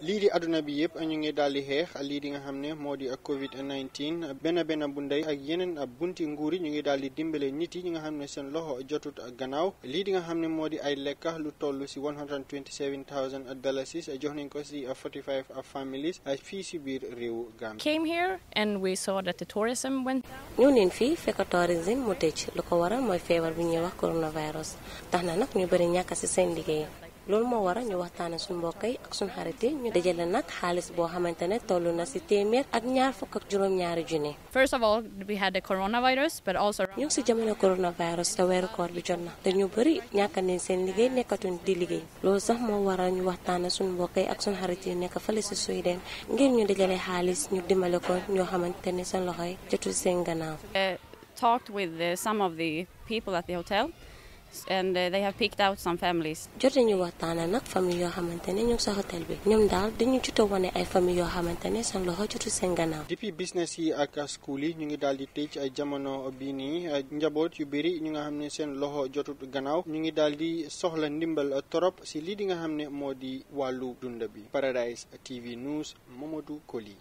lii di àdduna bi yëpp ñu ngi daal di xeex lii di nga xam ne moo di Covid 19 benn benn bu ndey ak yeneen bunti nguur yi ñu ngi daal di dimbale nit yi ñi nga xam ne seen loxo jotut gannaaw lii di nga xam ne moo di ay lekk lu toll si 127000 dalasis jox nañ ko si 45 families fii si biir réewu Gambie. came here and we saw that the tourism went down. ñu neen fii fekk tourism mu tëj lu ko waral mooy feebar bi ñuy wax coronavirus tax na nag ñu bëri ñàkk si seen liggéey. loolu moo waral ñu waxtaane suñ mbokk yi ak suñu xarit yi ñu dajale nag xaalis boo xamante ne toll na ci téeméer ak ñaar fukk ak juróom-ñaari junni. first of all we had the coronavirus but also. ñu ngi ci jamono coronavirus te koor bi jot na te ñu bëri ñàkk nañ seen liggéey nekkatuñ di liggéey loolu sax moo waral ñu waxtaane suñu mbokk yi ak suñu xarit yi nekk fële ci Sweden ngir ñu dajale xaalis ñu dimbale ko ñoo xamante ne seen loxo yi jotul seen gannaaw. Uh, talked with uh, some of the people at the hotel. and uh, they have picked out some families. jot nañu waxtaan nag famille yoo xamante ne ñoom sa hôtel bi ñoom daal dañu jot a wane ay famille yoo xamante ne seen loxo jotu seen gannaaw. depuis business yi ak school yi ñu ngi daal di tëj ay jamono bii nii njaboot yu bëri ñu nga xam ne seen loxo jotu gannaaw ñu ngi daal di soxla ndimbal torop si lii di nga xam ne moo di wàllu dund bi. Paradise TV News Momadou Koli.